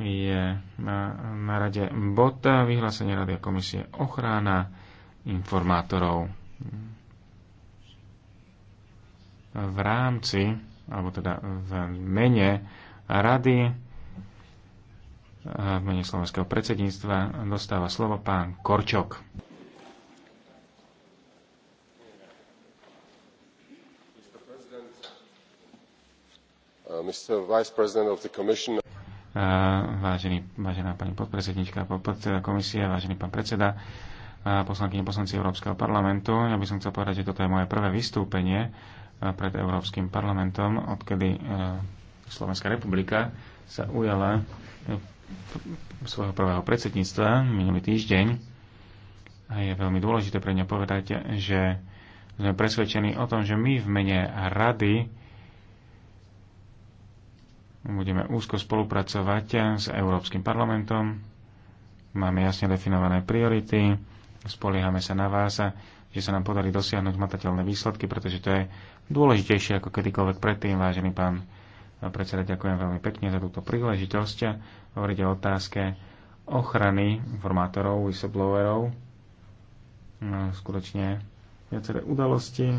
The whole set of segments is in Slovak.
je na, rade Bota vyhlásenie Rady a komisie ochrana informátorov. V rámci, alebo teda v mene Rady, v mene slovenského predsedníctva dostáva slovo pán Korčok. Uh, Mr. Vice President of the Commission vážený, vážená pani podpredsednička, podpredseda komisie, vážený pán predseda, poslankyne poslanci Európskeho parlamentu. Ja by som chcel povedať, že toto je moje prvé vystúpenie pred Európskym parlamentom, odkedy Slovenská republika sa ujala e, svojho prvého predsedníctva minulý týždeň. A je veľmi dôležité pre ňa povedať, že sme presvedčení o tom, že my v mene rady budeme úzko spolupracovať s Európskym parlamentom. Máme jasne definované priority, spoliehame sa na vás, že sa nám podarí dosiahnuť matateľné výsledky, pretože to je dôležitejšie ako kedykoľvek predtým, vážený pán predseda, ďakujem veľmi pekne za túto príležitosť hovoriť o otázke ochrany informátorov, whistleblowerov. No, skutočne viaceré udalosti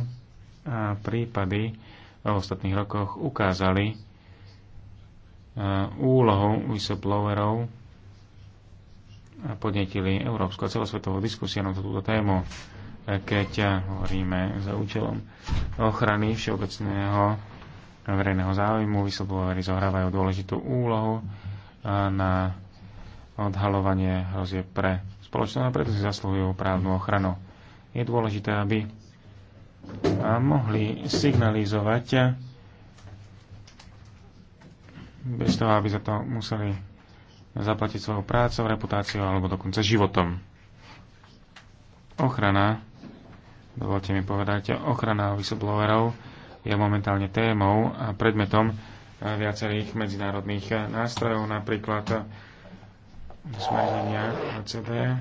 a prípady v ostatných rokoch ukázali, Eh, úlohou whistleblowerov a podnetili európsku a celosvetovú diskusiu na túto tému, eh, keď eh, hovoríme za účelom ochrany všeobecného verejného záujmu. Whistleblowery zohrávajú dôležitú úlohu na odhalovanie hrozie pre spoločnosť a preto si zaslúhujú právnu ochranu. Je dôležité, aby mohli signalizovať bez toho, aby za to museli zaplatiť svojou prácou, reputáciou alebo dokonca životom. Ochrana, dovolte mi povedať, ochrana whistleblowerov je momentálne témou a predmetom viacerých medzinárodných nástrojov, napríklad smerenia OCD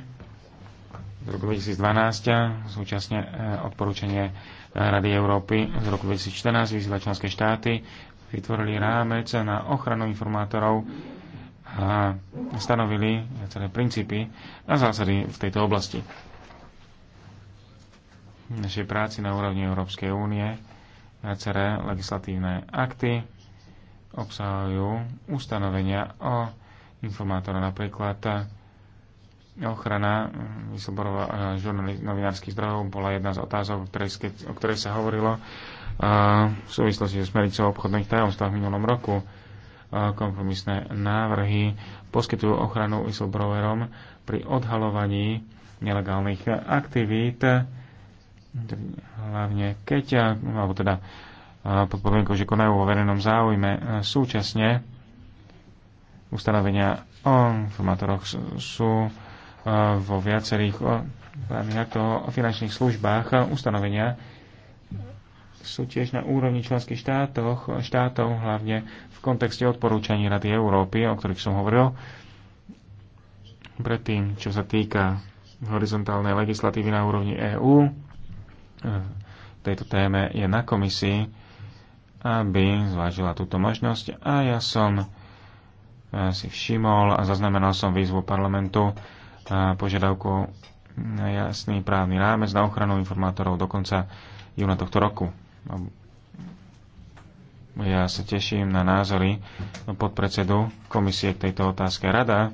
z roku 2012, súčasne eh, odporúčanie Rady Európy z roku 2014 vyzýva členské štáty, vytvorili rámec na ochranu informátorov a stanovili celé princípy a zásady v tejto oblasti. V našej práci na úrovni Európskej únie viaceré legislatívne akty obsahujú ustanovenia o informátora napríklad ochrana vysoborov a novinárskych zdrojov bola jedna z otázok, o ktorej, o ktorej sa hovorilo a v súvislosti s smernicou obchodných tajomstvách v minulom roku. Kompromisné návrhy poskytujú ochranu whistleblowerom pri odhalovaní nelegálnych aktivít, hlavne keď, alebo teda pod podmienkou, že konajú vo verejnom záujme súčasne ustanovenia o informátoroch sú vo viacerých o, o finančných službách ustanovenia, sú tiež na úrovni členských štátoch, štátov, hlavne v kontexte odporúčaní Rady Európy, o ktorých som hovoril predtým, čo sa týka horizontálnej legislatívy na úrovni EÚ. E, tejto téme je na komisii, aby zvážila túto možnosť a ja som e, si všimol a zaznamenal som výzvu parlamentu a požiadavku na jasný právny rámec na ochranu informátorov do konca júna tohto roku. Ja sa teším na názory podpredsedu komisie k tejto otázke. Rada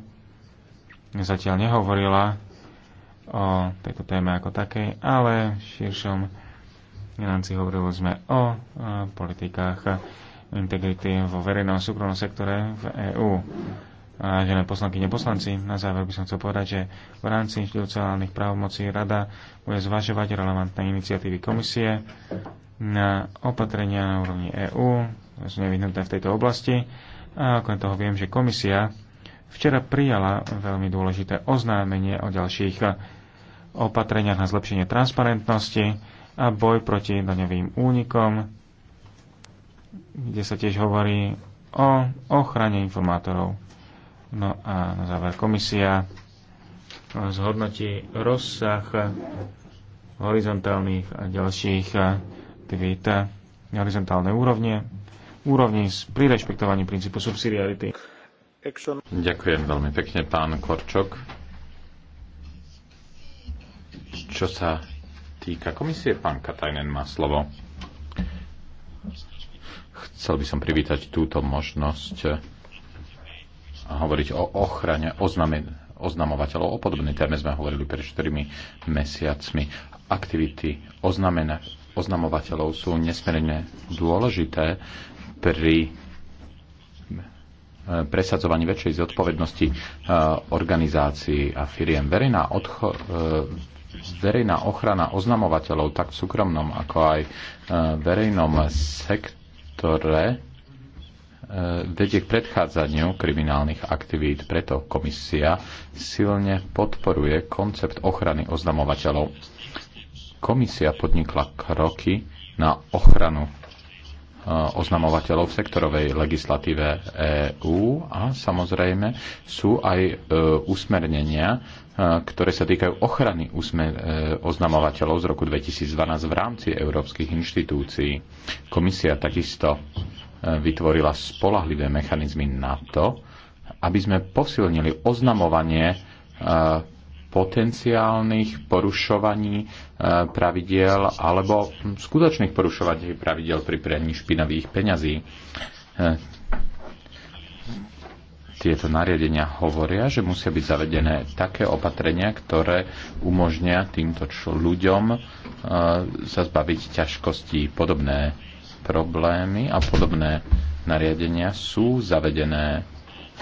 zatiaľ nehovorila o tejto téme ako takej, ale v širšom financi hovorili sme o politikách integrity vo verejnom a súkromnom sektore v EÚ. Vážené poslanky neposlanci, na záver by som chcel povedať, že v rámci inštitucionálnych právomocí Rada bude zvažovať relevantné iniciatívy komisie na opatrenia na úrovni EÚ, sú nevyhnutné v tejto oblasti. A okrem toho viem, že komisia včera prijala veľmi dôležité oznámenie o ďalších opatreniach na zlepšenie transparentnosti a boj proti daňovým únikom, kde sa tiež hovorí o ochrane informátorov. No a na záver komisia zhodnotí rozsah horizontálnych a ďalších aktivít na horizontálnej úrovne, úrovni s prirešpektovaním princípu subsidiarity. Ďakujem veľmi pekne, pán Korčok. Čo sa týka komisie, pán Katajnen má slovo. Chcel by som privítať túto možnosť a hovoriť o ochrane oznamen- oznamovateľov. O podobnej téme sme hovorili pred 4 mesiacmi. Aktivity oznamen- oznamovateľov sú nesmierne dôležité pri eh, presadzovaní väčšej zodpovednosti eh, organizácií a firiem. Verejná, odcho- eh, verejná ochrana oznamovateľov tak v súkromnom ako aj verejnom sektore vedie k predchádzaniu kriminálnych aktivít. Preto komisia silne podporuje koncept ochrany oznamovateľov komisia podnikla kroky na ochranu e, oznamovateľov v sektorovej legislatíve EÚ a samozrejme sú aj e, usmernenia, e, ktoré sa týkajú ochrany oznamovateľov z roku 2012 v rámci európskych inštitúcií. Komisia takisto vytvorila spolahlivé mechanizmy na to, aby sme posilnili oznamovanie potenciálnych porušovaní e, pravidiel alebo skutočných porušovaní pravidiel pri prianí špinavých peňazí. E, tieto nariadenia hovoria, že musia byť zavedené také opatrenia, ktoré umožnia týmto ľuďom e, sa zbaviť ťažkostí. Podobné problémy a podobné nariadenia sú zavedené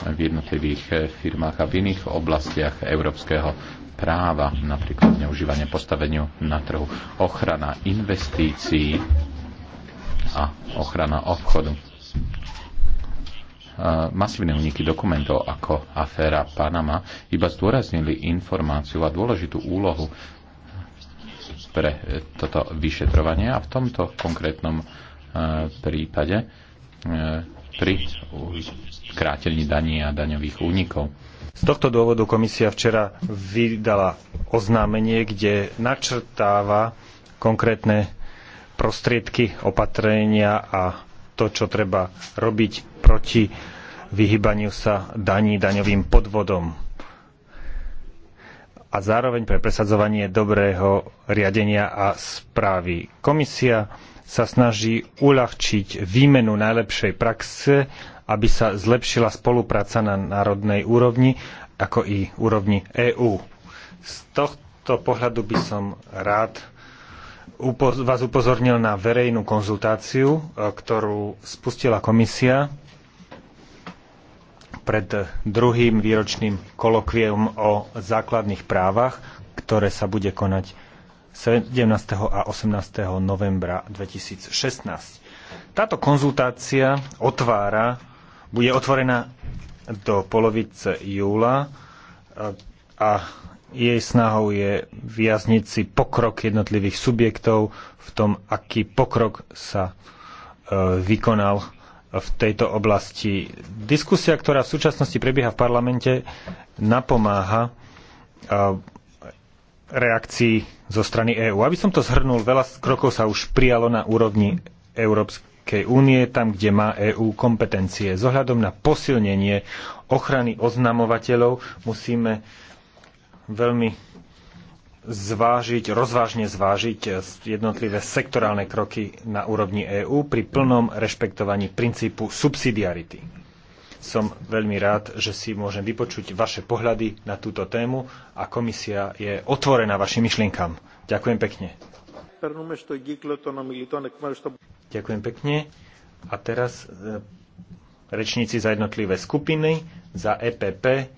v jednotlivých firmách a v iných oblastiach európskeho práva, napríklad neužívanie postaveniu na trhu, ochrana investícií a ochrana obchodu. Masívne uniky dokumentov ako aféra Panama iba zdôraznili informáciu a dôležitú úlohu pre toto vyšetrovanie a v tomto konkrétnom e, prípade e, pri krátení daní a daňových únikov. Z tohto dôvodu komisia včera vydala oznámenie, kde načrtáva konkrétne prostriedky, opatrenia a to, čo treba robiť proti vyhybaniu sa daní daňovým podvodom a zároveň pre presadzovanie dobrého riadenia a správy. Komisia sa snaží uľahčiť výmenu najlepšej praxe aby sa zlepšila spolupráca na národnej úrovni, ako i úrovni EÚ. Z tohto pohľadu by som rád vás upozornil na verejnú konzultáciu, e, ktorú spustila komisia pred druhým výročným kolokvium o základných právach, ktoré sa bude konať 17. a 18. novembra 2016. Táto konzultácia otvára bude otvorená do polovice júla a jej snahou je vyjazniť si pokrok jednotlivých subjektov v tom, aký pokrok sa e, vykonal v tejto oblasti. Diskusia, ktorá v súčasnosti prebieha v parlamente, napomáha e, reakcii zo strany EÚ. Aby som to zhrnul, veľa krokov sa už prijalo na úrovni Európskej Európskej únie, tam, kde má EÚ kompetencie. Zohľadom na posilnenie ochrany oznamovateľov musíme veľmi zvážiť, rozvážne zvážiť eh, jednotlivé sektorálne kroky na úrovni EÚ pri plnom rešpektovaní princípu subsidiarity. Som veľmi rád, že si môžem vypočuť vaše pohľady na túto tému a komisia je otvorená vašim myšlienkam. Ďakujem pekne. Ďakujem pekne. A teraz e, rečníci za jednotlivé skupiny, za EPP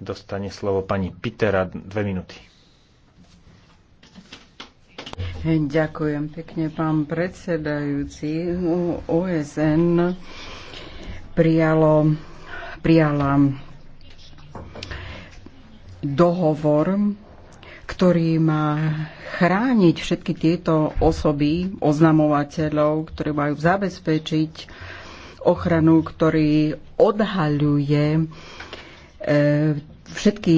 dostane slovo pani Pitera dve minúty. Ďakujem pekne, pán predsedajúci. OSN prijalo, prijala dohovor, ktorý má chrániť všetky tieto osoby, oznamovateľov, ktorí majú zabezpečiť ochranu, ktorý odhaľuje e, všetky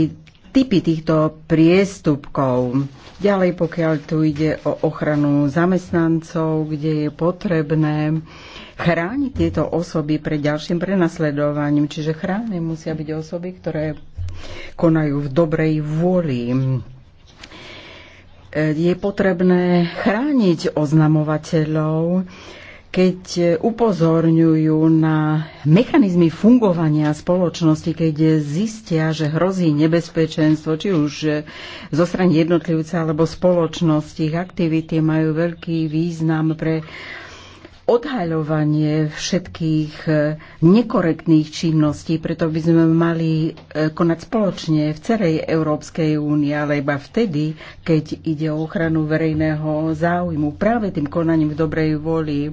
typy týchto priestupkov. Ďalej, pokiaľ tu ide o ochranu zamestnancov, kde je potrebné chrániť tieto osoby pred ďalším prenasledovaním. Čiže chránené musia byť osoby, ktoré konajú v dobrej vôli je potrebné chrániť oznamovateľov, keď upozorňujú na mechanizmy fungovania spoločnosti, keď zistia, že hrozí nebezpečenstvo, či už zo strany jednotlivca alebo spoločnosti. Ich aktivity majú veľký význam pre odhaľovanie všetkých e, nekorektných činností, preto by sme mali e, konať spoločne v celej Európskej únii, ale iba vtedy, keď ide o ochranu verejného záujmu práve tým konaním v dobrej voli. E,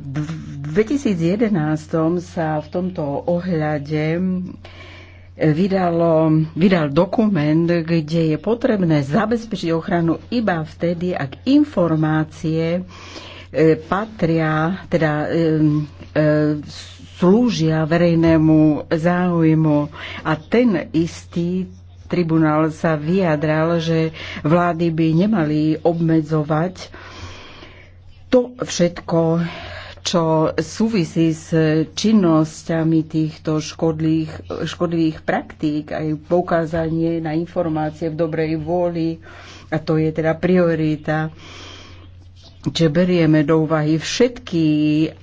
v 2011 sa v tomto ohľade vydalo, vydal dokument, kde je potrebné zabezpečiť ochranu iba vtedy, ak informácie e, patria, teda e, e, slúžia verejnému záujmu. A ten istý tribunál sa vyjadral, že vlády by nemali obmedzovať to všetko, čo súvisí s činnosťami týchto škodlých, škodlivých praktík, aj poukázanie na informácie v dobrej vôli, a to je teda priorita že berieme do úvahy všetky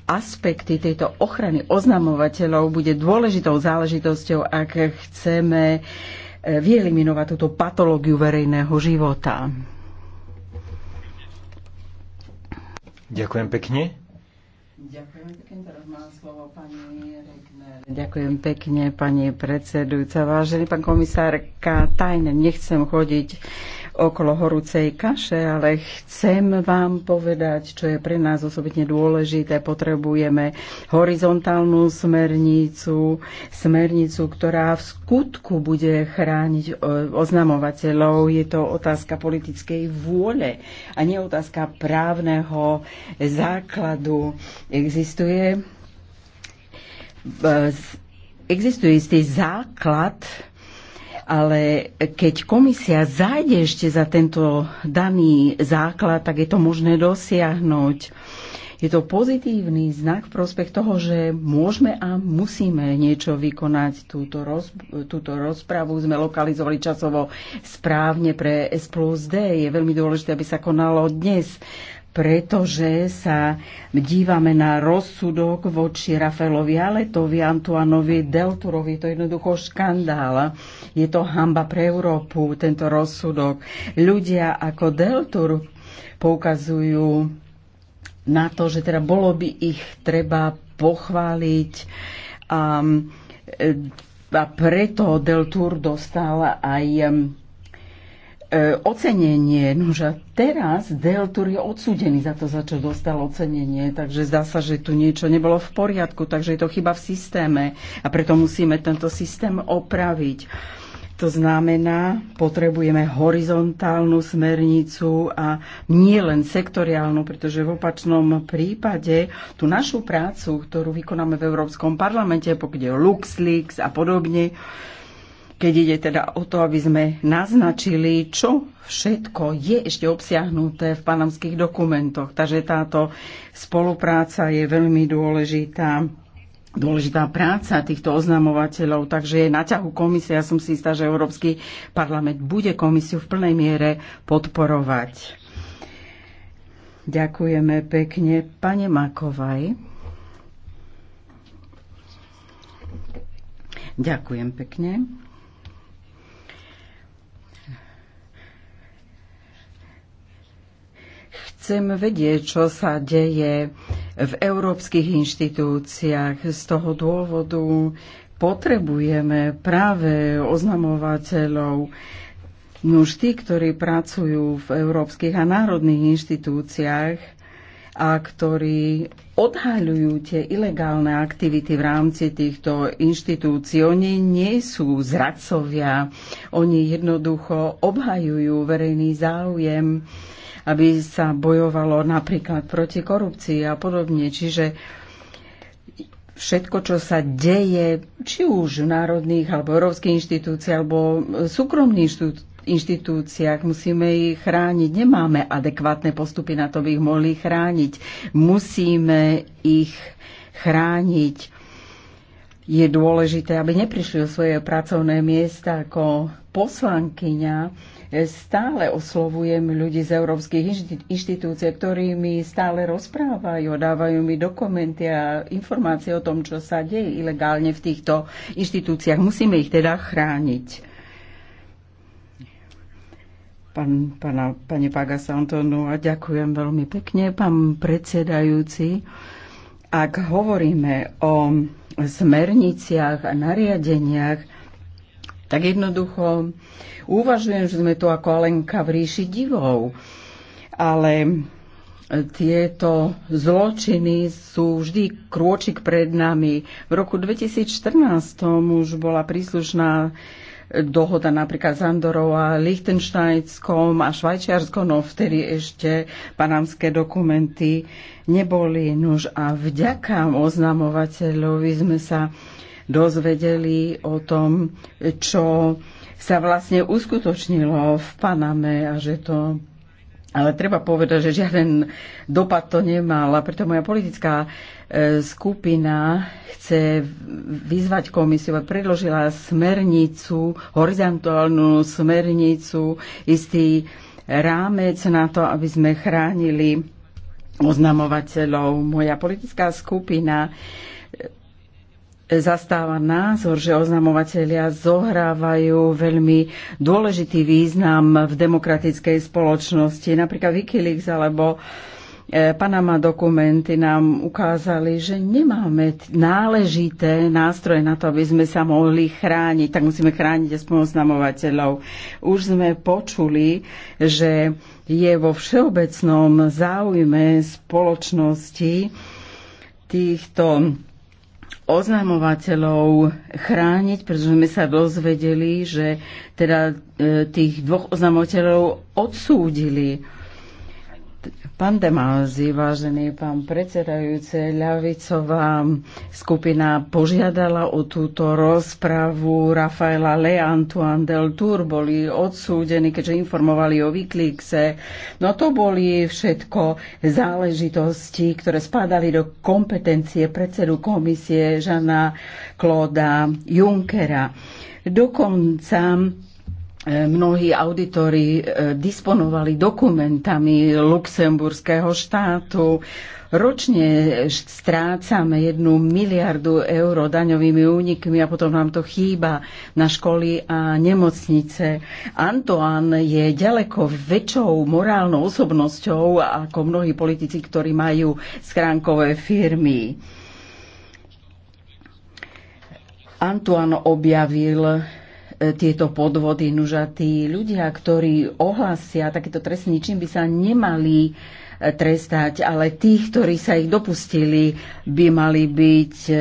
aspekty tejto ochrany oznamovateľov, bude dôležitou záležitosťou, ak chceme eh, vyeliminovať túto patológiu verejného života. Ďakujem pekne. Ďakujem pekne, teraz má slovo pani Regner. Ďakujem pekne, pani predsedujúca. Vážený pán komisárka Katajn, nechcem chodiť okolo horúcej kaše, ale chcem vám povedať, čo je pre nás osobitne dôležité. Potrebujeme horizontálnu smernicu, smernicu, ktorá v skutku bude chrániť e, oznamovateľov. Je to otázka politickej vôle a nie otázka právneho základu. Existuje e, Existuje istý základ ale keď komisia zájde ešte za tento daný základ, tak je to možné dosiahnuť. Je to pozitívny znak v prospech toho, že môžeme a musíme niečo vykonať. Túto, roz, túto rozpravu sme lokalizovali časovo správne pre S plus D. Je veľmi dôležité, aby sa konalo dnes pretože sa dívame na rozsudok voči Rafaelovi Aletovi, Antuanovi Delturovi. To je jednoducho škandál. Je to hamba pre Európu, tento rozsudok. Ľudia ako Deltur poukazujú na to, že teda bolo by ich treba pochváliť a, e, a preto Deltur dostal aj E, ocenenie. Nože teraz Deltur je odsudený za to, za čo dostal ocenenie, takže zdá sa, že tu niečo nebolo v poriadku, takže je to chyba v systéme a preto musíme tento systém opraviť. To znamená, potrebujeme horizontálnu smernicu a nie len sektoriálnu, pretože v opačnom prípade tú našu prácu, ktorú vykonáme v Európskom parlamente, pokiaľ je LuxLeaks a podobne, keď ide teda o to, aby sme naznačili, čo všetko je ešte obsiahnuté v panamských dokumentoch. Takže táto spolupráca je veľmi dôležitá dôležitá práca týchto oznamovateľov, takže je na ťahu komisia. Ja som si istá, že Európsky parlament bude komisiu v plnej miere podporovať. Ďakujeme pekne. Pane Makovaj. Ďakujem pekne. Chcem vedieť, čo sa deje v európskych inštitúciách. Z toho dôvodu potrebujeme práve oznamovateľov, Nuž tí, ktorí pracujú v európskych a národných inštitúciách a ktorí odhaľujú tie ilegálne aktivity v rámci týchto inštitúcií. Oni nie sú zradcovia, oni jednoducho obhajujú verejný záujem aby sa bojovalo napríklad proti korupcii a podobne. Čiže všetko, čo sa deje, či už v národných alebo európskych inštitúciách alebo súkromných inštitúciách, musíme ich chrániť. Nemáme adekvátne postupy na to, by ich mohli chrániť. Musíme ich chrániť. Je dôležité, aby neprišli o svoje pracovné miesta ako poslankyňa stále oslovujem ľudí z európskych inštitúcií, ktorí mi stále rozprávajú, dávajú mi dokumenty a informácie o tom, čo sa deje ilegálne v týchto inštitúciách. Musíme ich teda chrániť. Pán, pána, pane Pagas Antonu, a ďakujem veľmi pekne, pán predsedajúci. Ak hovoríme o smerniciach a nariadeniach, tak jednoducho uvažujem, že sme tu ako Alenka v ríši divov. Ale tieto zločiny sú vždy krôčik pred nami. V roku 2014 už bola príslušná dohoda napríklad s Andorou a Lichtensteinskom a Švajčiarskom, no vtedy ešte panamské dokumenty neboli. Nož a vďaka oznamovateľovi sme sa dozvedeli o tom, čo sa vlastne uskutočnilo v Paname a že to ale treba povedať, že žiaden dopad to nemal a preto moja politická e, skupina chce vyzvať komisiu, a predložila smernicu, horizontálnu smernicu, istý rámec na to, aby sme chránili oznamovateľov. Moja politická skupina zastáva názor, že oznamovatelia zohrávajú veľmi dôležitý význam v demokratickej spoločnosti. Napríklad Wikileaks alebo e, Panama dokumenty nám ukázali, že nemáme náležité nástroje na to, aby sme sa mohli chrániť, tak musíme chrániť aspoň oznamovateľov. Už sme počuli, že je vo všeobecnom záujme spoločnosti týchto oznamovateľov chrániť, pretože sme sa dozvedeli, že teda e, tých dvoch oznamovateľov odsúdili. Pán Demázy, vážený pán predsedajúce, ľavicová skupina požiadala o túto rozpravu Rafaela Le Antoine del Tour. Boli odsúdení, keďže informovali o Wikileakse. No to boli všetko záležitosti, ktoré spadali do kompetencie predsedu komisie Žana Kloda Junckera. Dokonca E, mnohí auditori e, disponovali dokumentami luxemburského štátu. Ročne strácame jednu miliardu eur daňovými únikmi a potom nám to chýba na školy a nemocnice. Antoán je ďaleko väčšou morálnou osobnosťou ako mnohí politici, ktorí majú schránkové firmy. Antoán objavil E, tieto podvody. Nuža tí ľudia, ktorí ohlasia takýto trestný čin, by sa nemali e, trestať, ale tí, ktorí sa ich dopustili, by mali byť e,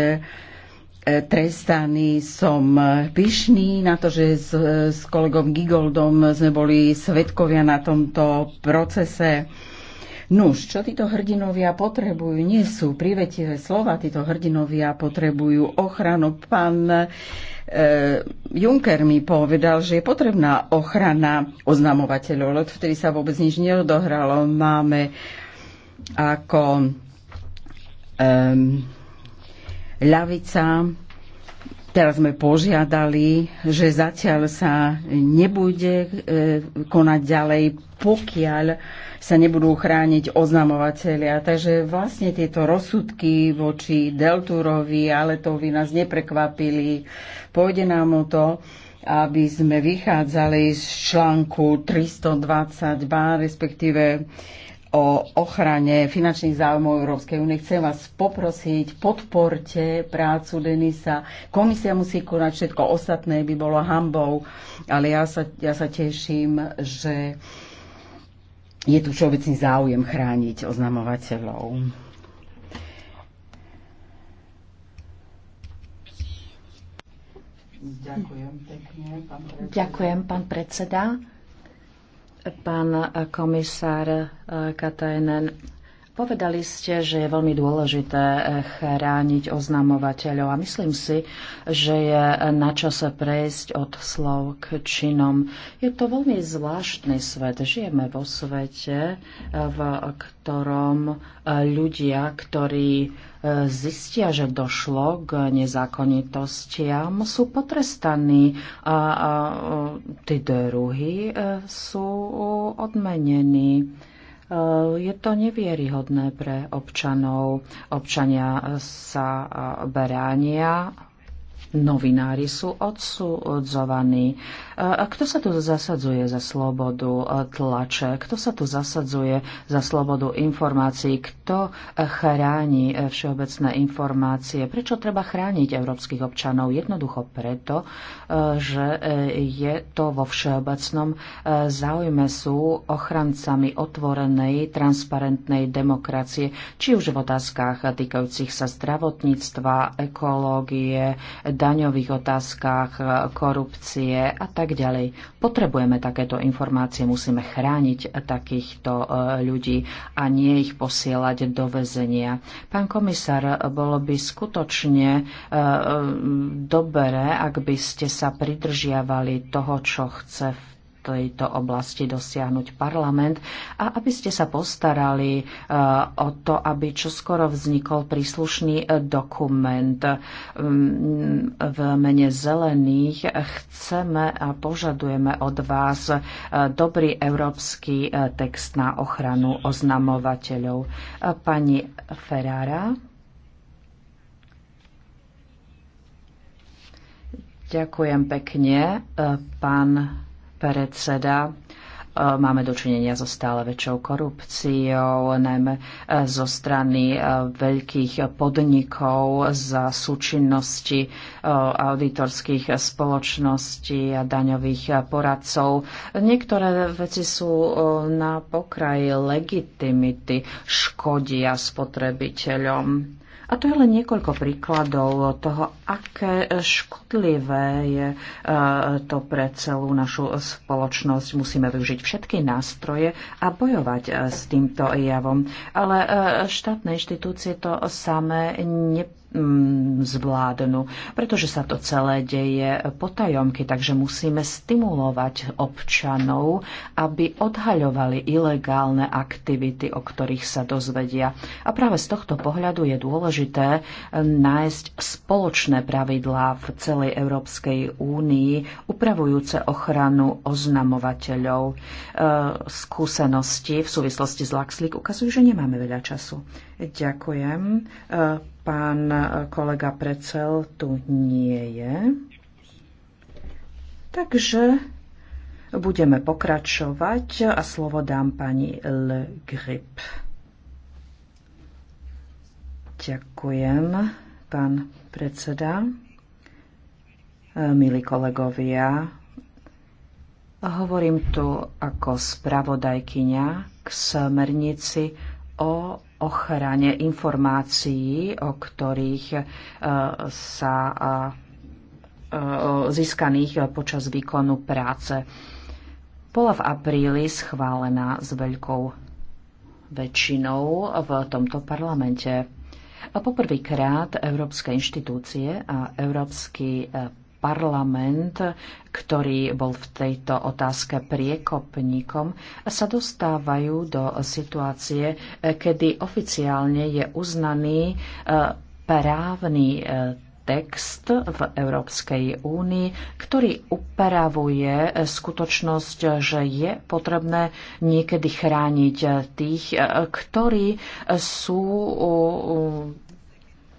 trestaní. Som pyšný na to, že s, s kolegom Gigoldom sme boli svetkovia na tomto procese Nuž, čo títo hrdinovia potrebujú, nie sú privetivé slova, títo hrdinovia potrebujú ochranu. Pán e, Juncker mi povedal, že je potrebná ochrana oznamovateľov, lebo vtedy sa vôbec nič neodohralo. Máme ako e, ľavica, teraz sme požiadali, že zatiaľ sa nebude e, konať ďalej, pokiaľ sa nebudú chrániť oznamovateľia. Takže vlastne tieto rozsudky voči Deltúrovi, Aletovi nás neprekvapili. Pôjde nám o to, aby sme vychádzali z článku 322, respektíve o ochrane finančných záujmov Európskej únie. Chcem vás poprosiť, podporte prácu Denisa. Komisia musí konať všetko ostatné, by bolo hambou, ale ja sa, ja sa teším, že je tu všeobecný záujem chrániť oznamovateľov. Ďakujem pekne, pán predseda. Ďakujem, pán predseda. Pán komisár eh, Katajnen, Povedali ste, že je veľmi dôležité eh, chrániť oznamovateľov a myslím si, že je na čase prejsť od slov k činom. Je to veľmi zvláštny svet. Žijeme vo svete, eh, v ktorom eh, ľudia, ktorí zistia, že došlo k nezákonitostiam, sú potrestaní a, tí druhy sú odmenení. Eh, je to nevieryhodné pre občanov. Občania sa eh, beránia novinári sú odsudzovaní. Kto sa tu zasadzuje za slobodu e, tlače? Kto sa tu zasadzuje za slobodu informácií? Kto e, chráni e, všeobecné informácie? Prečo treba chrániť európskych občanov? Jednoducho preto, že je to vo všeobecnom záujme sú ochrancami otvorenej, transparentnej demokracie, či už v otázkach týkajúcich sa zdravotníctva, ekológie, daňových otázkach, e, korupcie a tak ďalej. Potrebujeme takéto informácie, musíme chrániť takýchto e, ľudí a nie ich posielať do väzenia. Pán komisár, bolo by skutočne e, dobré, ak by ste sa pridržiavali toho, čo chce tejto oblasti dosiahnuť parlament a aby ste sa postarali e, o to, aby čoskoro vznikol príslušný e, dokument. Mm, v mene zelených chceme a požadujeme od vás e, dobrý európsky text na ochranu oznamovateľov. Pani Ferrara. Ďakujem pekne, pán predseda e, máme dočinenia so stále väčšou korupciou, najmä e, zo strany e, veľkých podnikov za súčinnosti auditorských spoločností a daňových poradcov. Niektoré veci sú na pokraji legitimity, škodia spotrebiteľom. A to je len niekoľko príkladov toho, aké škodlivé je e, to pre celú našu spoločnosť. Musíme využiť všetky nástroje a bojovať e, s týmto javom. Ale e, štátne inštitúcie to samé nepovedajú Mm, zvládnu, pretože sa to celé deje potajomky, takže musíme stimulovať občanov, aby odhaľovali ilegálne aktivity, o ktorých sa dozvedia. A práve z tohto pohľadu je dôležité eh, nájsť spoločné pravidlá v celej Európskej únii upravujúce ochranu oznamovateľov. Eh, skúsenosti v súvislosti s Laxlik ukazujú, že nemáme veľa času. Ďakujem. Eh, Pán kolega Precel tu nie je. Takže budeme pokračovať a slovo dám pani Le Grip. Ďakujem, pán predseda. Milí kolegovia, hovorím tu ako spravodajkyňa k smernici o ochrane informácií, o ktorých e, sa e, získaných počas výkonu práce. Bola v apríli schválená s veľkou väčšinou v tomto parlamente. A poprvýkrát európske inštitúcie a Európsky e, parlament, ktorý bol v tejto otázke priekopníkom, sa dostávajú do situácie, kedy oficiálne je uznaný e, právny e, text v Európskej únii, ktorý upravuje e, skutočnosť, že je potrebné niekedy chrániť tých, ktorí sú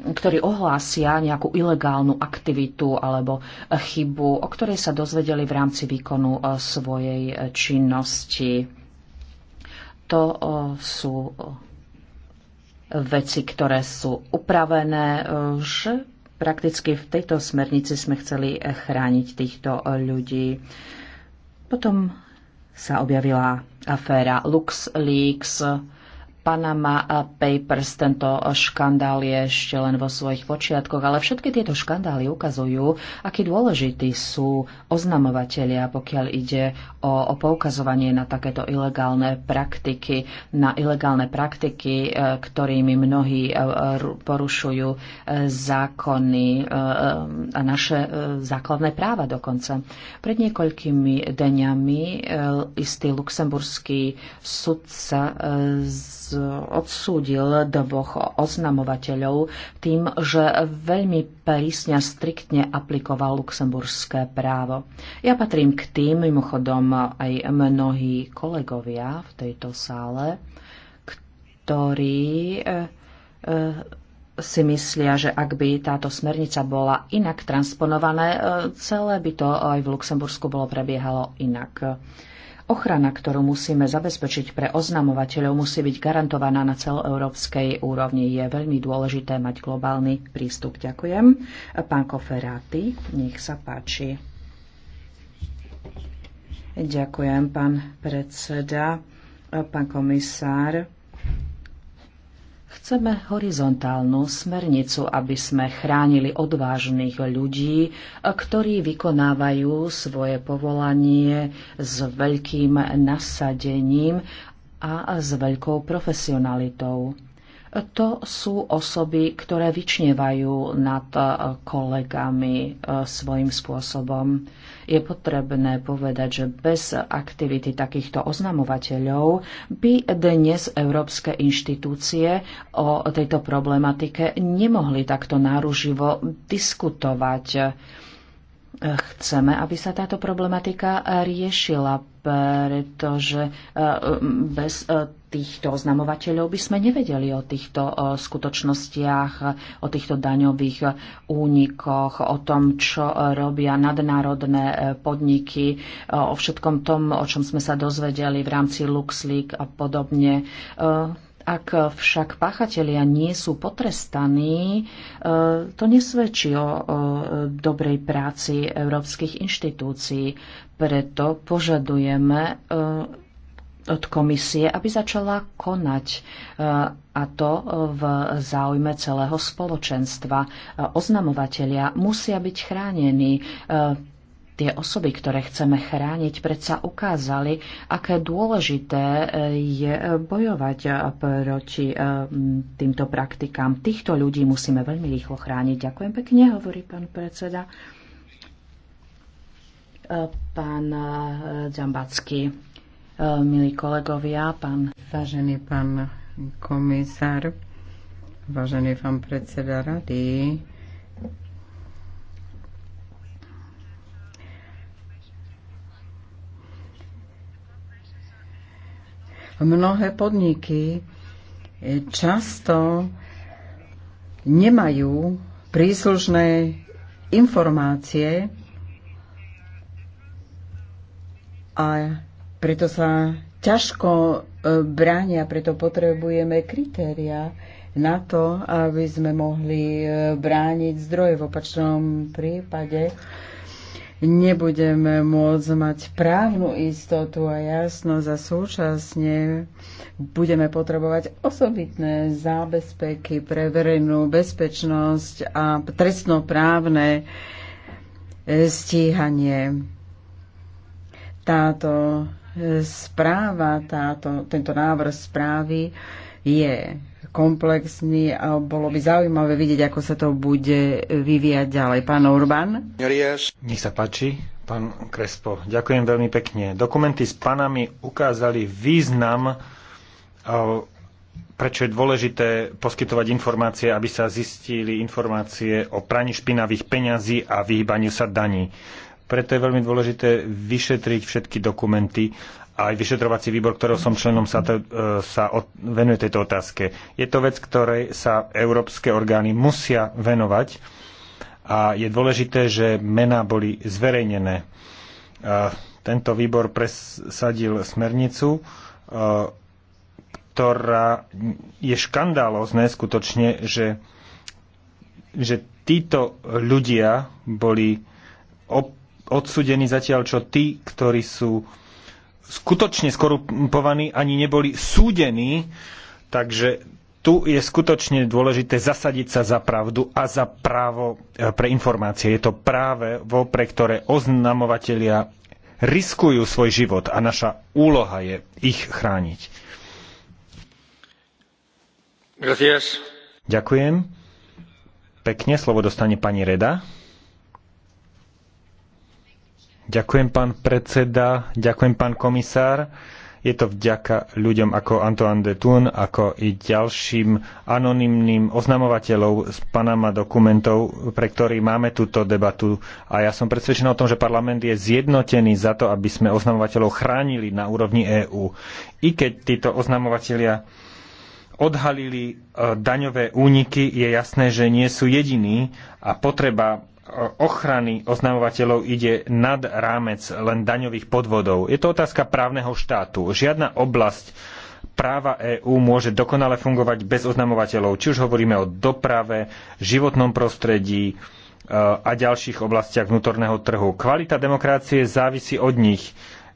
ktorí ohlásia nejakú ilegálnu aktivitu alebo chybu, o ktorej sa dozvedeli v rámci výkonu e, svojej činnosti. To e, sú e, veci, ktoré sú upravené, že prakticky v tejto smernici sme chceli chrániť týchto ľudí. Potom sa objavila aféra LuxLeaks, Panama Papers. Tento škandál je ešte len vo svojich počiatkoch, ale všetky tieto škandály ukazujú, aký dôležití sú oznamovatelia, pokiaľ ide o, o poukazovanie na takéto ilegálne praktiky, na ilegálne praktiky, e, ktorými mnohí e, porušujú e, zákony a naše základné práva dokonca. Pred niekoľkými deňami istý luxemburský sudca z odsúdil doboch oznamovateľov tým, že veľmi prísne a striktne aplikoval luxemburské právo. Ja patrím k tým, mimochodom aj mnohí kolegovia v tejto sále, ktorí eh, eh, si myslia, že ak by táto smernica bola inak transponovaná, eh, celé by to aj v Luxembursku bolo prebiehalo inak. Ochrana, ktorú musíme zabezpečiť pre oznamovateľov, musí byť garantovaná na celoeurópskej úrovni. Je veľmi dôležité mať globálny prístup. Ďakujem. Pán Koferáty, nech sa páči. Ďakujem, pán predseda, pán komisár. Chceme horizontálnu smernicu, aby sme chránili odvážnych ľudí, ktorí vykonávajú svoje povolanie s veľkým nasadením a s veľkou profesionalitou. To sú osoby, ktoré vyčnievajú nad e, kolegami e, svojim spôsobom. Je potrebné povedať, že bez aktivity takýchto oznamovateľov by dnes európske inštitúcie o tejto problematike nemohli takto náruživo diskutovať. Chceme, aby sa táto problematika riešila, pretože e, bez týchto oznamovateľov by sme nevedeli o týchto skutočnostiach, o týchto daňových e, únikoch, o tom, čo e, robia nadnárodné e, podniky, o všetkom tom, o čom sme sa dozvedeli v rámci LuxLeak a podobne. Ak však páchatelia nie sú potrestaní, to nesvedčí o dobrej práci európskych inštitúcií. Preto požadujeme od komisie, aby začala konať e, a to v záujme celého spoločenstva. E, oznamovatelia musia byť chránení. E, tie osoby, ktoré chceme chrániť, predsa ukázali, aké dôležité je bojovať proti týmto praktikám. Týchto ľudí musíme veľmi rýchlo chrániť. Ďakujem pekne, hovorí pán predseda. Pán Ďambacký. E, milí kolegovia, pán... Vážený pán komisár, vážený pán predseda rady, mnohé podniky často nemajú príslušné informácie a preto sa ťažko e, bránia, preto potrebujeme kritéria na to, aby sme mohli e, brániť zdroje. V opačnom prípade nebudeme môcť mať právnu istotu a jasnosť a súčasne budeme potrebovať osobitné zábezpeky pre verejnú bezpečnosť a trestnoprávne e, stíhanie. Táto správa, táto, tento návrh správy je komplexný a bolo by zaujímavé vidieť, ako sa to bude vyvíjať ďalej. Pán Urban? Nech sa páči, pán Krespo. Ďakujem veľmi pekne. Dokumenty s panami ukázali význam e, prečo je dôležité poskytovať informácie, aby sa zistili informácie o praní špinavých peňazí a vyhýbaniu sa daní. Preto je veľmi dôležité vyšetriť všetky dokumenty a aj vyšetrovací výbor, ktorého som členom, sa, to, e, sa od, venuje tejto otázke. Je to vec, ktorej sa európske orgány musia venovať a je dôležité, že mená boli zverejnené. E, tento výbor presadil smernicu, e, ktorá je škandálozné skutočne, že, že títo ľudia boli op- odsudení, zatiaľ čo tí, ktorí sú skutočne skorumpovaní, ani neboli súdení. Takže tu je skutočne dôležité zasadiť sa za pravdu a za právo e, pre informácie. Je to práve vo, pre ktoré oznamovatelia riskujú svoj život a naša úloha je ich chrániť. Gracias. Ďakujem. Pekne slovo dostane pani Reda. Ďakujem, pán predseda, ďakujem, pán komisár. Je to vďaka ľuďom ako Antoine de Thun, ako i ďalším anonymným oznamovateľov z Panama dokumentov, pre ktorých máme túto debatu. A ja som presvedčený o tom, že parlament je zjednotený za to, aby sme oznamovateľov chránili na úrovni EÚ. I keď títo oznamovateľia odhalili e, daňové úniky, je jasné, že nie sú jediní a potreba ochrany oznamovateľov ide nad rámec len daňových podvodov. Je to otázka právneho štátu. Žiadna oblasť práva EÚ môže dokonale fungovať bez oznamovateľov, či už hovoríme o doprave, životnom prostredí e, a ďalších oblastiach vnútorného trhu. Kvalita demokracie závisí od nich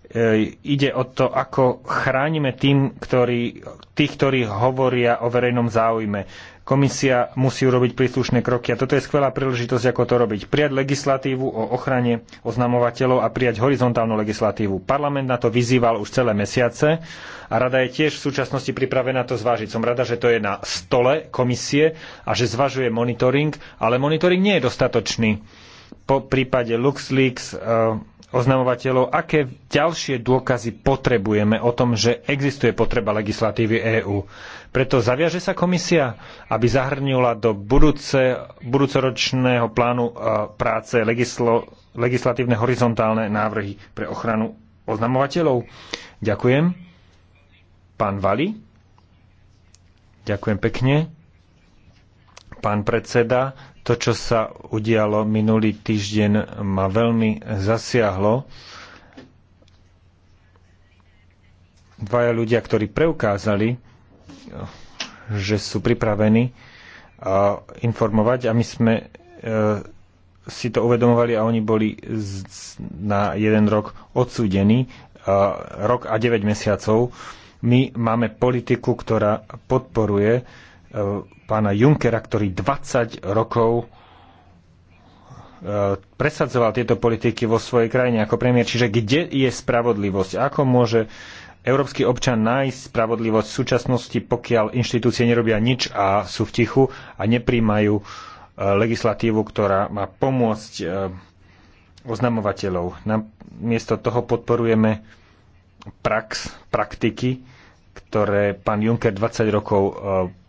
E, ide o to, ako chránime tým, ktorí, tých, ktorí hovoria o verejnom záujme. Komisia musí urobiť príslušné kroky a toto je skvelá príležitosť, ako to robiť. Prijať legislatívu o ochrane oznamovateľov a prijať horizontálnu legislatívu. Parlament na to vyzýval už celé mesiace a rada je tiež v súčasnosti pripravená to zvážiť. Som rada, že to je na stole komisie a že zvažuje monitoring, ale monitoring nie je dostatočný. Po prípade LuxLeaks e, oznamovateľov, aké ďalšie dôkazy potrebujeme o tom, že existuje potreba legislatívy EÚ. Preto zaviaže sa komisia, aby zahrnula do budúce, budúcoročného plánu práce legislo, legislatívne horizontálne návrhy pre ochranu oznamovateľov. Ďakujem. Pán Vali. Ďakujem pekne. Pán predseda, to, čo sa udialo minulý týždeň, ma veľmi zasiahlo. Dvaja ľudia, ktorí preukázali, že sú pripravení informovať a my sme e, si to uvedomovali a oni boli na jeden rok odsúdení, rok a 9 mesiacov. My máme politiku, ktorá podporuje uh, E, pána Junckera, ktorý 20 rokov e, presadzoval tieto politiky vo svojej krajine ako premiér. Čiže kde je spravodlivosť? Ako môže európsky občan nájsť spravodlivosť v súčasnosti, pokiaľ inštitúcie nerobia nič a sú v tichu a nepríjmajú e, legislatívu, ktorá má pomôcť oznamovateľov. Namiesto toho podporujeme prax, praktiky, ktoré pán Juncker 20 rokov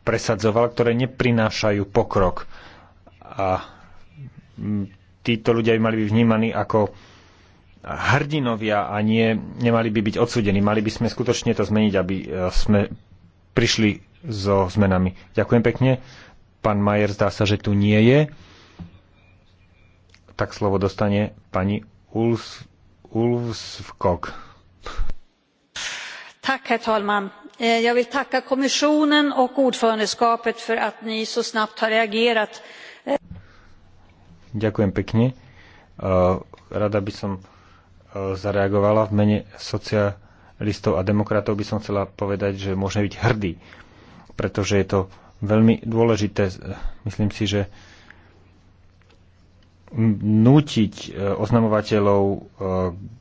presadzoval, ktoré neprinášajú pokrok. A títo ľudia by mali byť vnímaní ako hrdinovia a nie, nemali by byť odsudení. Mali by sme skutočne to zmeniť, aby e, sme prišli so zmenami. Ďakujem pekne. Pán Majer zdá sa, že tu nie je. Tak slovo dostane pani Ulfskog. Tak, herr talman. Eh, jag vill tacka kommissionen och ordförandeskapet för att ni så snabbt har reagerat. Eh. Ďakujem pekne. Eh, rada by som zareagovala v mene socialistov a demokratov by som chcela povedať, že môžeme byť hrdí, pretože je to veľmi dôležité. Myslím si, že nútiť oznamovateľov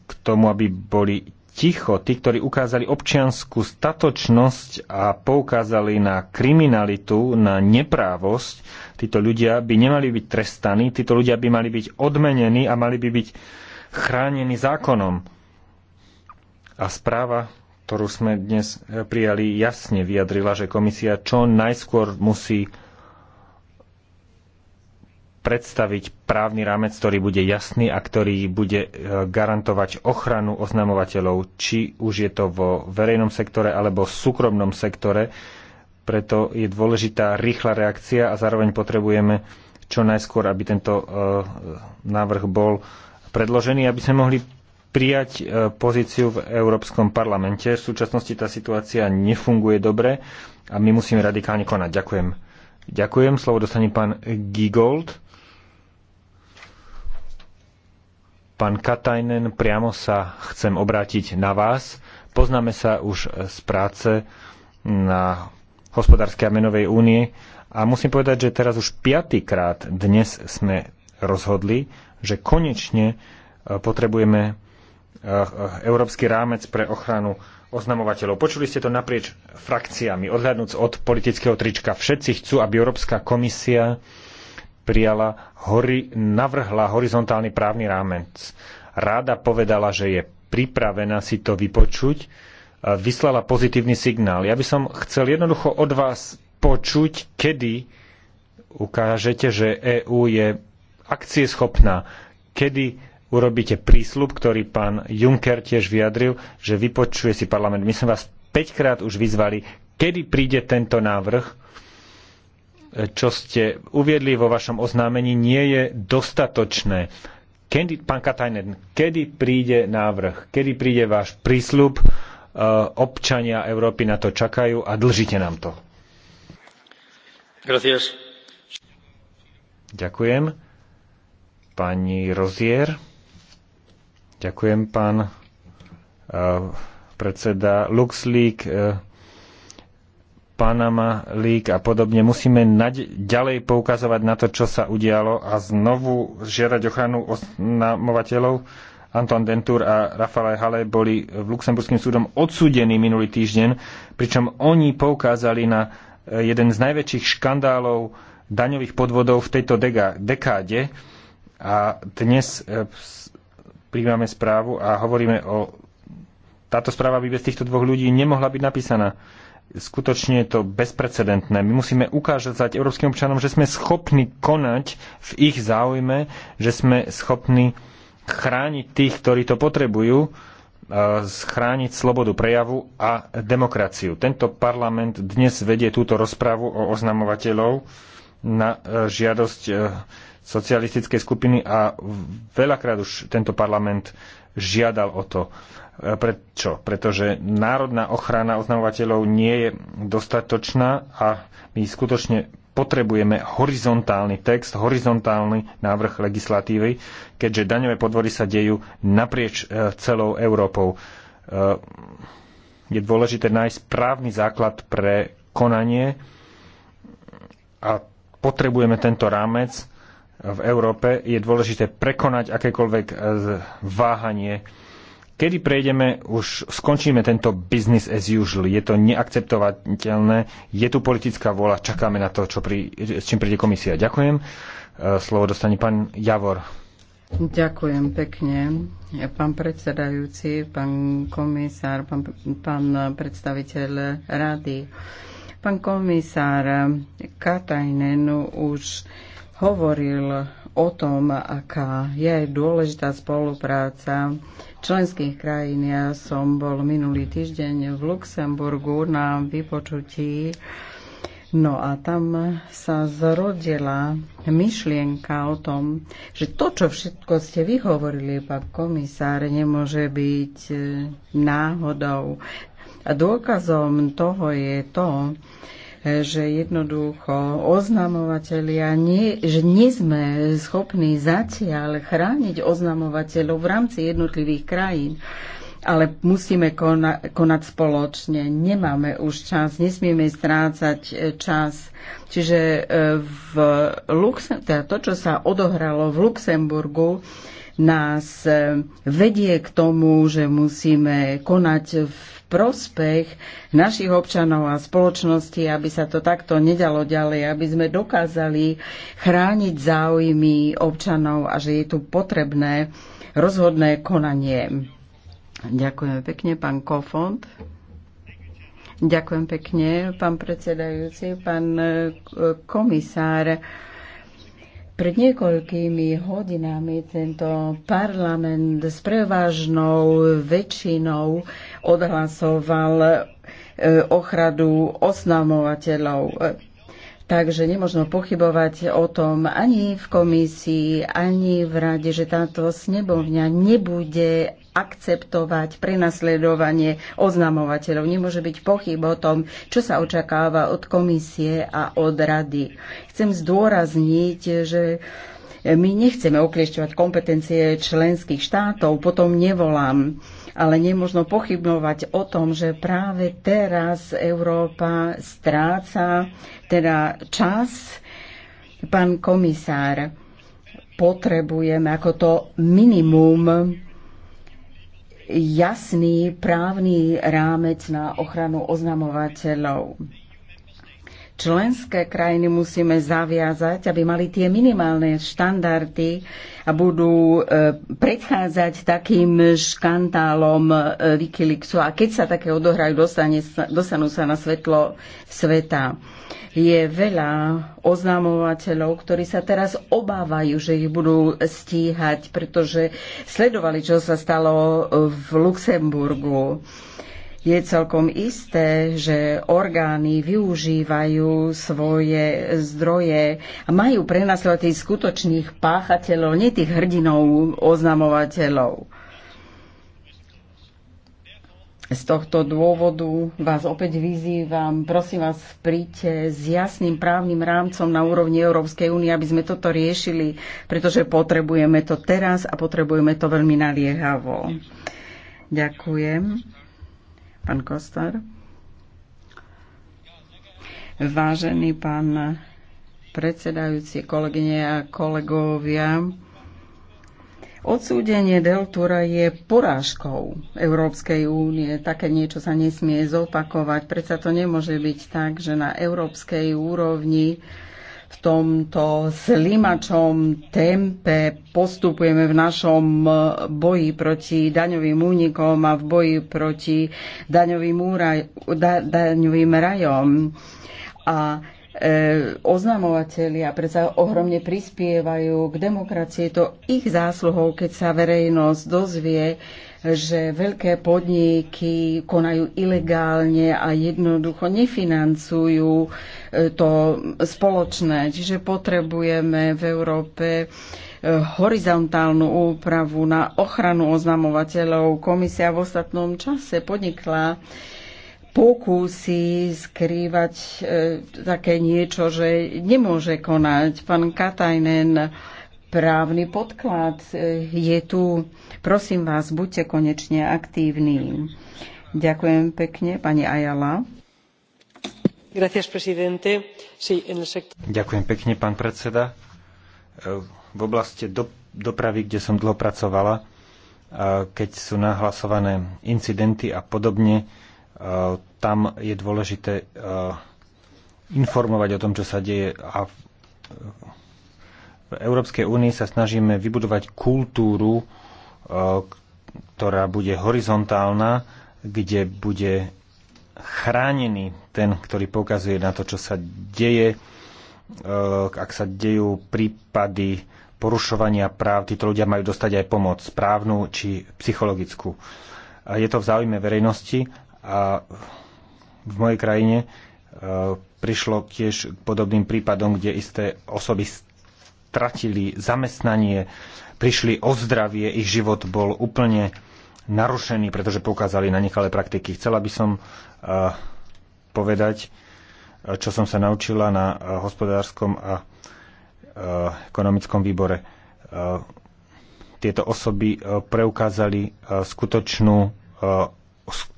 k tomu, aby boli ticho, tí, ktorí ukázali občianskú statočnosť a poukázali na kriminalitu, na neprávosť, títo ľudia by nemali byť trestaní, títo ľudia by mali byť odmenení a mali by byť chránení zákonom. A správa, ktorú sme dnes prijali, jasne vyjadrila, že komisia čo najskôr musí predstaviť právny rámec, ktorý bude jasný a ktorý bude e, garantovať ochranu oznamovateľov, či už je to vo verejnom sektore alebo v súkromnom sektore. Preto je dôležitá rýchla reakcia a zároveň potrebujeme čo najskôr, aby tento e, návrh bol predložený, aby sme mohli prijať e, pozíciu v Európskom parlamente. V súčasnosti tá situácia nefunguje dobre a my musíme radikálne konať. Ďakujem. Ďakujem. Slovo dostane pán Gigold. Pán Katajnen, priamo sa chcem obrátiť na vás. Poznáme sa už z práce na hospodárskej a menovej únie a musím povedať, že teraz už piatýkrát dnes sme rozhodli, že konečne e, potrebujeme e, európsky rámec pre ochranu oznamovateľov. Počuli ste to naprieč frakciami, odhľadnúť od politického trička. Všetci chcú, aby Európska komisia prijala, hori, navrhla horizontálny právny rámec. Ráda povedala, že je pripravená si to vypočuť, e, vyslala pozitívny signál. Ja by som chcel jednoducho od vás počuť, kedy ukážete, že EÚ je akcieschopná, kedy urobíte prísľub, ktorý pán Juncker tiež vyjadril, že vypočuje si parlament. My sme vás 5 krát už vyzvali, kedy príde tento návrh, čo ste uviedli vo vašom oznámení, nie je dostatočné. Kedy, pán Katajnen, kedy príde návrh, kedy príde váš prísľub, e, občania Európy na to čakajú a dlžite nám to. Gracias. Ďakujem. Pani Rozier. Ďakujem, pán e, predseda LuxLeak e, Panama League a podobne. Musíme ďalej poukazovať na to, čo sa udialo a znovu žiadať ochranu oznamovateľov. Anton Dentur a Rafael Hale boli v Luxemburským súdom odsúdení minulý týždeň, pričom oni poukázali na e, jeden z najväčších škandálov daňových podvodov v tejto dekáde. A dnes e, príjmame správu a hovoríme o... Táto správa by bez týchto dvoch ľudí nemohla byť napísaná skutočne je to bezprecedentné. My musíme ukázať európskym občanom, že sme schopní konať v ich záujme, že sme schopní chrániť tých, ktorí to potrebujú, e, chrániť slobodu prejavu a demokraciu. Tento parlament dnes vedie túto rozprávu o oznamovateľov na e, žiadosť e, socialistickej skupiny a veľakrát už tento parlament žiadal o to. Prečo? Pretože národná ochrana oznamovateľov nie je dostatočná a my skutočne potrebujeme horizontálny text, horizontálny návrh legislatívy, keďže daňové podvody sa dejú naprieč e, celou Európou. E, je dôležité nájsť právny základ pre konanie a potrebujeme tento rámec v Európe. Je dôležité prekonať akékoľvek e, váhanie Kedy prejdeme, už skončíme tento business as usual. Je to neakceptovateľné, je tu politická vôľa, čakáme na to, čo pri, s čím príde komisia. Ďakujem. E, slovo dostane pán Javor. Ďakujem pekne. Pán predsedajúci, pán komisár, pán, pán predstaviteľ rady. Pán komisár Katajnen už hovoril o tom, aká je dôležitá spolupráca členských krajín. Ja som bol minulý týždeň v Luxemburgu na vypočutí No a tam sa zrodila myšlienka o tom, že to, čo všetko ste vyhovorili, pán komisár, nemôže byť eh, náhodou. A dôkazom toho je to, že jednoducho oznamovateľia, nie, že nie sme schopní zatiaľ chrániť oznamovateľov v rámci jednotlivých krajín ale musíme kona, konať spoločne. Nemáme už čas, nesmieme strácať e, čas. Čiže e, v Luxem, teda to, čo sa odohralo v Luxemburgu, nás e, vedie k tomu, že musíme konať v prospech našich občanov a spoločnosti, aby sa to takto nedalo ďalej, aby sme dokázali chrániť záujmy občanov a že je tu potrebné rozhodné konanie. Ďakujem pekne, pán Kofond. Ďakujem pekne, pán predsedajúci, pán eh, komisár. Pred niekoľkými hodinami tento parlament s prevažnou väčšinou odhlasoval e, ochradu oznamovateľov. Takže nemožno pochybovať o tom ani v komisii, ani v rade, že táto snebovňa nebude akceptovať prenasledovanie oznamovateľov. Nemôže byť pochyb o tom, čo sa očakáva od komisie a od rady. Chcem zdôrazniť, že my nechceme okliešťovať kompetencie členských štátov, potom nevolám. Ale nemôžno pochybnovať o tom, že práve teraz Európa stráca teda čas. Pán komisár, potrebujeme ako to minimum jasný právny rámec na ochranu oznamovateľov. Členské krajiny musíme zaviazať, aby mali tie minimálne štandardy, a budú e, predchádzať takým škandálom e, Wikileaksu. A keď sa také odohrajú, dostane, dostanú sa na svetlo sveta. Je veľa oznamovateľov, ktorí sa teraz obávajú, že ich budú stíhať, pretože sledovali, čo sa stalo v Luxemburgu. Je celkom isté, že orgány využívajú svoje zdroje a majú prenasledovať tých skutočných páchateľov, nie tých hrdinov, oznamovateľov. Z tohto dôvodu vás opäť vyzývam, prosím vás, príďte s jasným právnym rámcom na úrovni Európskej únie, aby sme toto riešili, pretože potrebujeme to teraz a potrebujeme to veľmi naliehavo. Ďakujem. Pán Kostar. Vážený pán predsedajúci, kolegyne a kolegovia, Odsúdenie Deltura je porážkou Európskej únie. Také niečo sa nesmie zopakovať. Predsa to nemôže byť tak, že na európskej úrovni v tomto slimačom tempe postupujeme v našom eh, boji proti daňovým únikom a v boji proti daňovým, úraj, da, daňovým rajom. A eh, oznamovatelia predsa ohromne prispievajú k demokracii. Je to ich zásluhou, keď sa verejnosť dozvie, že veľké podniky konajú ilegálne a jednoducho nefinancujú e, to spoločné. Čiže potrebujeme v Európe e, horizontálnu úpravu na ochranu oznamovateľov. Komisia v ostatnom čase podnikla pokusy skrývať e, také niečo, že nemôže konať. Pán Katajnen právny podklad. Je tu, prosím vás, buďte konečne aktívni. Ďakujem pekne, pani Ajala. Ďakujem pekne, pán predseda. V oblasti dopravy, kde som dlho pracovala, keď sú nahlasované incidenty a podobne, tam je dôležité informovať o tom, čo sa deje a v Európskej únii sa snažíme vybudovať kultúru, e, ktorá bude horizontálna, kde bude chránený ten, ktorý poukazuje na to, čo sa deje, e, ak sa dejú prípady porušovania práv, títo ľudia majú dostať aj pomoc správnu či psychologickú. Je to v záujme verejnosti a v mojej krajine e, prišlo tiež k podobným prípadom, kde isté osoby stratili zamestnanie, prišli o zdravie, ich život bol úplne narušený, pretože poukázali na nekalé praktiky. Chcela by som eh, povedať, eh, čo som sa naučila na eh, hospodárskom a ekonomickom výbore. Tieto osoby preukázali skutočnú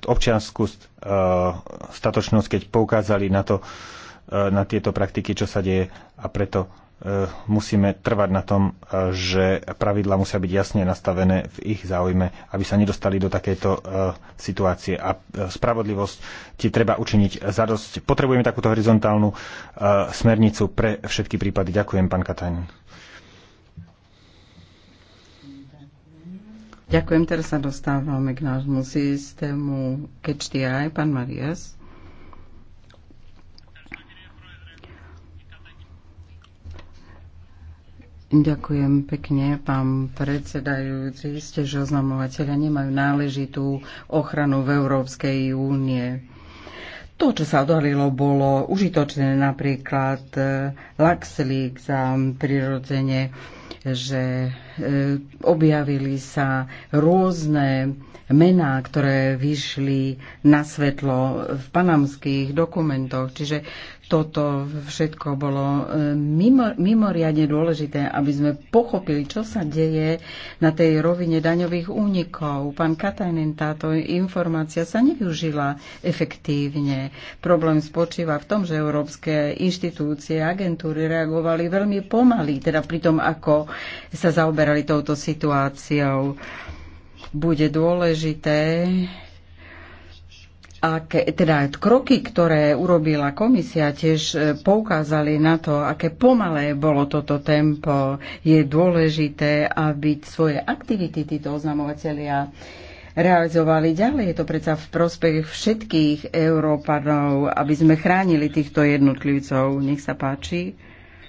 občianskú statočnosť, keď poukázali na, to, na tieto praktiky, čo sa deje a preto E, musíme trvať na tom, e, že pravidla musia byť jasne nastavené v ich záujme, aby sa nedostali do takéto e, situácie. A spravodlivosť ti treba učiniť zadosť. Potrebujeme takúto horizontálnu smernicu pre všetky prípady. Ďakujem, pán Katajn. Ďakujem, teraz sa dostávame k nášmu systému Catch the Eye, pán Marias. Ďakujem pekne, pán predsedajúci. Ste, že oznamovateľia nemajú náležitú ochranu v Európskej únie. To, čo sa odhalilo, bolo užitočné napríklad e, Laxlík za prirodzene, že e, objavili sa rôzne mená, ktoré vyšli na svetlo v panamských dokumentoch. Čiže toto všetko bolo e, mimo, mimoriadne dôležité, aby sme pochopili, čo sa deje na tej rovine daňových únikov. Pán Katajnen, táto informácia sa nevyužila efektívne. Problém spočíva v tom, že európske inštitúcie a agentúry reagovali veľmi pomaly, teda pri tom, ako sa zaoberali touto situáciou. Bude dôležité aké, teda kroky, ktoré urobila komisia, tiež e, poukázali na to, aké pomalé bolo toto tempo. Je dôležité, aby svoje aktivity títo oznamovateľia realizovali ďalej. Je to predsa v prospech všetkých Európanov, aby sme chránili týchto jednotlivcov. Nech sa páči,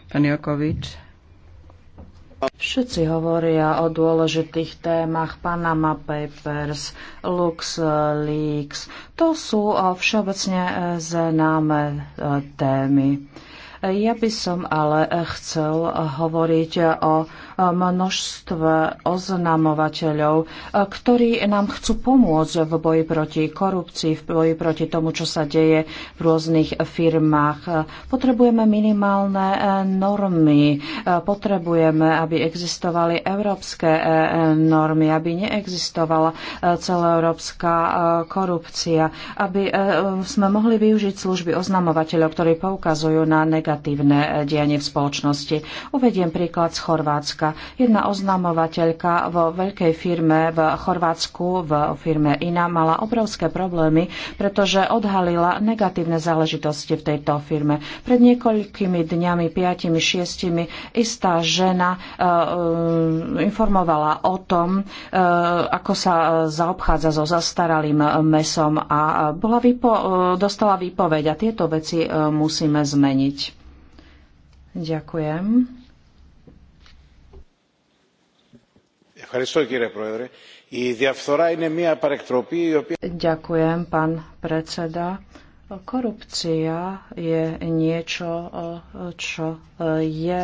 pán Jokovič. Všetci hovoria o dôležitých témach Panama Papers, LuxLeaks. To sú eh, všeobecne eh, známe eh, témy. Ja by som ale eh, chcel hovoriť o množstve oznamovateľov, eh, ktorí nám chcú pomôcť v boji proti korupcii, v boji proti tomu, čo sa deje v rôznych firmách. Potrebujeme minimálne eh, normy, potrebujeme, aby existovali európske normy, aby neexistovala celoeurópska korupcia, aby sme mohli využiť služby oznamovateľov, ktorí poukazujú na negatívne negatívne eh, dianie v spoločnosti. Uvediem príklad z Chorvátska. Jedna oznamovateľka vo veľkej firme v Chorvátsku, v firme INA, mala obrovské problémy, pretože odhalila negatívne záležitosti v tejto firme. Pred niekoľkými dňami, piatimi, šiestimi, istá žena eh, eh, informovala o tom, ako sa zaobchádza so zastaralým mesom a bola výpo- dostala výpoveď a tieto veci musíme zmeniť. Ďakujem. Ďakujem, pán predseda. Korupcia je niečo, čo je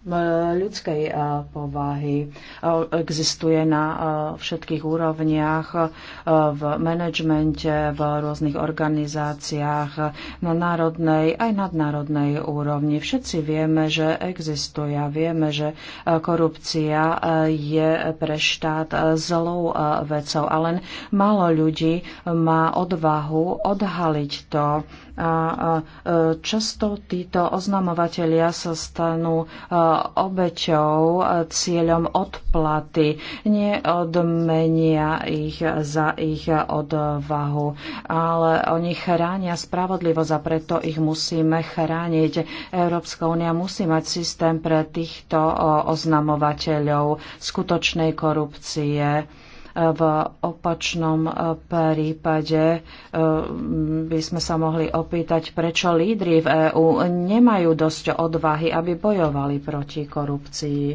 E, ľudskej e, povahy. E, existuje na všetkých úrovniach v manažmente, v rôznych organizáciách, na národnej aj nadnárodnej úrovni. Všetci vieme, že existuje a vieme, že korupcia je pre štát zlou vecou a len málo ľudí má odvahu odhaliť to. A často títo oznamovatelia sa stanú obeťou e, cieľom odplaty. Neodmenia ich za ich odvahu, ale oni chránia spravodlivosť a preto ich musíme chrániť. Európska únia musí mať systém pre týchto oznamovateľov skutočnej korupcie. V opačnom e, prípade e, by sme sa mohli opýtať, prečo lídry v EÚ nemajú dosť odvahy, aby bojovali proti korupcii.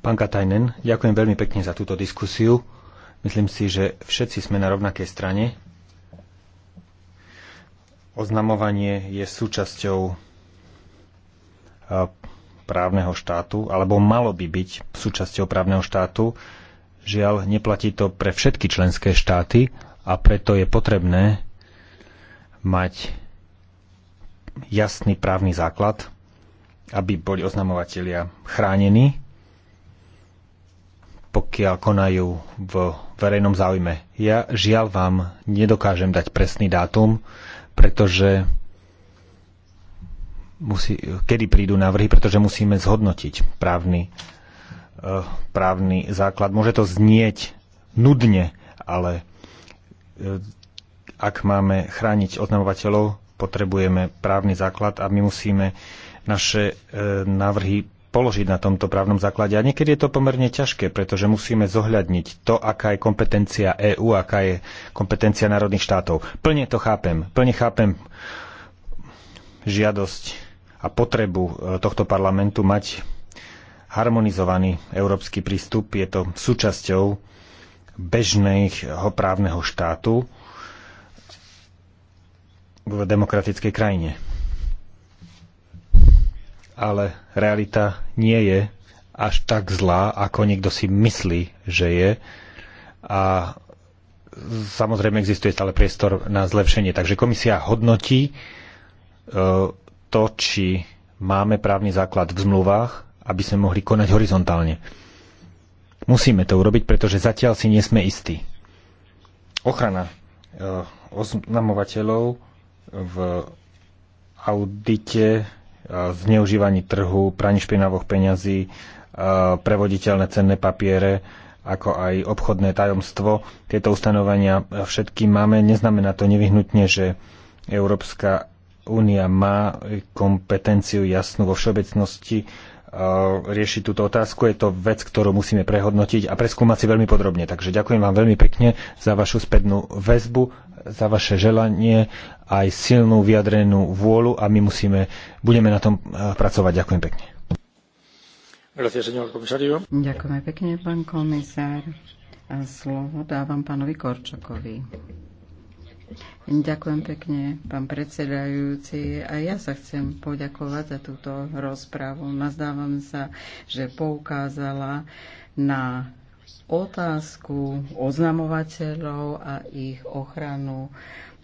Pán Katajnen, ďakujem veľmi pekne za túto diskusiu. Myslím si, že všetci sme na rovnakej strane. Oznamovanie je súčasťou e, právneho štátu, alebo malo by byť súčasťou právneho štátu Žiaľ, neplatí to pre všetky členské štáty a preto je potrebné mať jasný právny základ, aby boli oznamovatelia chránení, pokiaľ konajú v verejnom záujme. Ja žiaľ vám nedokážem dať presný dátum, pretože musí, kedy prídu návrhy, pretože musíme zhodnotiť právny Eh, právny základ. Môže to znieť nudne, ale eh, ak máme chrániť oznamovateľov, potrebujeme právny základ a my musíme naše eh, návrhy položiť na tomto právnom základe. A niekedy je to pomerne ťažké, pretože musíme zohľadniť to, aká je kompetencia EÚ, aká je kompetencia národných štátov. Plne to chápem. Plne chápem žiadosť a potrebu tohto parlamentu mať harmonizovaný európsky prístup. Je to súčasťou bežného právneho štátu v demokratickej krajine. Ale realita nie je až tak zlá, ako niekto si myslí, že je. A samozrejme existuje stále priestor na zlepšenie. Takže komisia hodnotí e, to, či máme právny základ v zmluvách aby sme mohli konať horizontálne. Musíme to urobiť, pretože zatiaľ si nie sme istí. Ochrana eh, oznamovateľov v audite, eh, zneužívaní trhu, praní špinavých peňazí, eh, prevoditeľné cenné papiere, ako aj obchodné tajomstvo. Tieto ustanovenia všetky máme. Neznamená to nevyhnutne, že Európska únia má kompetenciu jasnú vo všeobecnosti Eh, riešiť túto otázku. Je to vec, ktorú musíme prehodnotiť a preskúmať si veľmi podrobne. Takže ďakujem vám veľmi pekne za vašu spätnú väzbu, za vaše želanie, aj silnú vyjadrenú vôľu a my musíme, budeme na tom eh, pracovať. Ďakujem pekne. Ďakujem pekne, pán komisár. A slovo dávam pánovi Korčokovi. Ďakujem pekne, pán predsedajúci. A ja sa chcem poďakovať za túto rozprávu. Nazdávam sa, že poukázala na otázku oznamovateľov a ich ochranu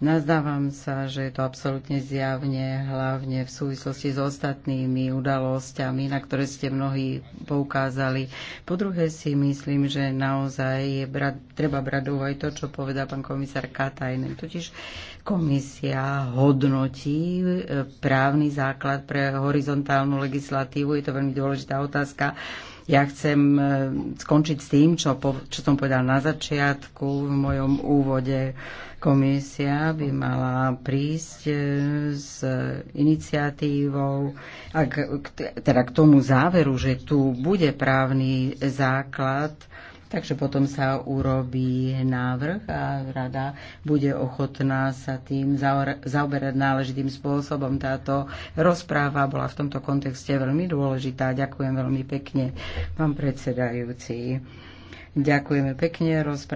Nazdávam sa, že je to absolútne zjavne, hlavne v súvislosti s ostatnými udalosťami, na ktoré ste mnohí poukázali. Po druhé si myslím, že naozaj je brať, treba brať aj to, čo povedal pán komisár Katajnen. Totiž komisia hodnotí e, právny základ pre horizontálnu legislatívu. Je to veľmi dôležitá otázka ja chcem e, skončiť s tým, čo, po, čo som povedal na začiatku v mojom úvode. Komisia by mala prísť e, s iniciatívou, k, teda k tomu záveru, že tu bude právny základ Takže potom sa urobí návrh a rada bude ochotná sa tým zaoberať náležitým spôsobom. Táto rozpráva bola v tomto kontexte veľmi dôležitá. Ďakujem veľmi pekne, pán predsedajúci. Ďakujeme pekne. Rozpráva